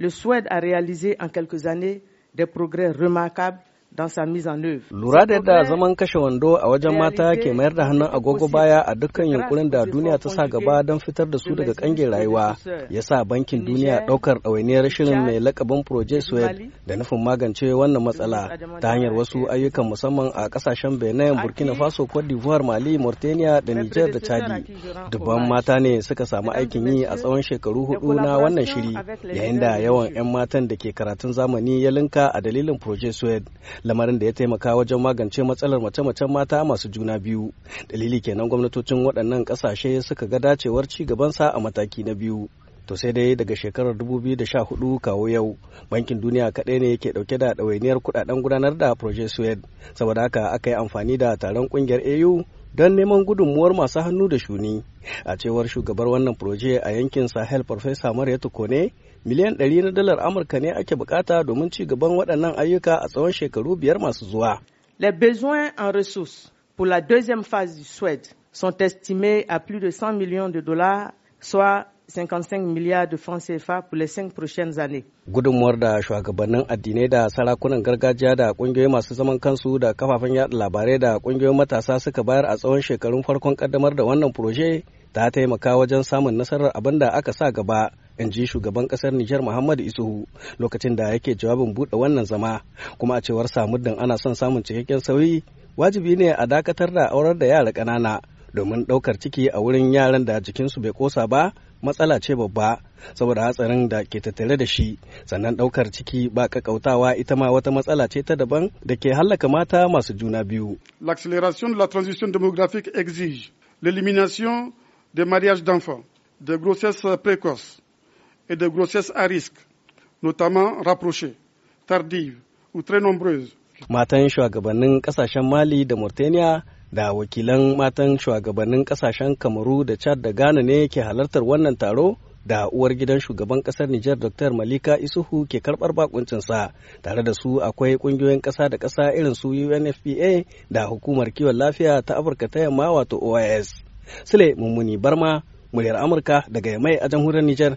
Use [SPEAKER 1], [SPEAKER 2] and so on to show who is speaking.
[SPEAKER 1] le Suède a réalisé en quelques années des progrès remarquables don sa Lura da yadda zaman kashe wando a wajen mata ke mayar da hannun agogo baya a dukkan yunkurin da duniya ta sa gaba don fitar da su daga kangin rayuwa ya sa bankin duniya daukar ɗawainiyar shirin mai lakabin Project Swed da nufin magance wannan matsala ta hanyar wasu ayyukan musamman a kasashen Benin, Burkina Faso, Cote d'Ivoire, Mali, Mauritania da Niger da Chadi. Dubban mata ne suka samu aikin yi a tsawon shekaru hudu na wannan shiri yayin da yawan 'yan matan da ke karatun zamani ya linka a dalilin Project Swed. lamarin da ya taimaka wajen magance matsalar mace-macen mata masu juna biyu dalili kenan gwamnatocin waɗannan ƙasashe suka ga dacewar ci gabansa a mataki na biyu to sai dai daga shekarar 2014 kawo yau bankin duniya kaɗai ne yake ɗauke da ɗawainiyar kuɗaɗen gudanar da Projet suwed saboda haka aka yi amfani da taron ƙungiyar au don neman gudunmuwar masu hannu da shuni a cewar shugabar wannan proje a yankin sahel farfesa maryatu kone miliyan 100 na dalar amurka ne ake bukata domin ci gaban waɗannan ayyuka a tsawon shekaru biyar masu zuwa les besoins en ressources pour la deuxième phase du suède sont estimés à plus de 100 millions de dollars soit 55 milliards da francs CFA pour les 5 prochaines années. Gudunmuwar da shugabannin addinai da sarakunan gargajiya da kungiyoyi masu zaman kansu da kafafen yada labarai da kungiyoyin matasa suka bayar a tsawon shekarun farkon kaddamar da wannan proje ta taimaka wajen samun nasarar abin da aka sa gaba in ji shugaban kasar Nijar Muhammadu Isuhu lokacin da yake jawabin buɗe wannan zama kuma a cewar samuddin ana son samun cikakken sauyi wajibi ne a dakatar da aurar da yara ƙanana domin ɗaukar ciki a wurin yaran da jikinsu bai kosa ba matsala ce babba saboda hatsarin da ke tattare da shi sannan ɗaukar ciki ba kakautawa ita ma wata matsala ce ta daban da ke hallaka mata masu juna biyu.
[SPEAKER 2] L'accélération de la transition démographique exige l'élimination des mariages d'enfants, de grossesses précoces et de grossesses à risque, notamment rapprochées, tardives ou très nombreuses.
[SPEAKER 1] Matan shugabannin kasashen Mali da Mauritania da wakilan matan shugabannin kasashen kamaru da chad da ghana ne ke halartar wannan taro da uwar gidan shugaban kasar Nijar Dr. Malika Isuhu ke karbar bakuncinsa tare da su akwai kungiyoyin kasa da kasa irin su UNFPA da hukumar kiwon lafiya ta Afirka ta yamma wato OIS. Sule Mummuni Barma, muryar Amurka daga Yamai a jamhuriyar Nijar.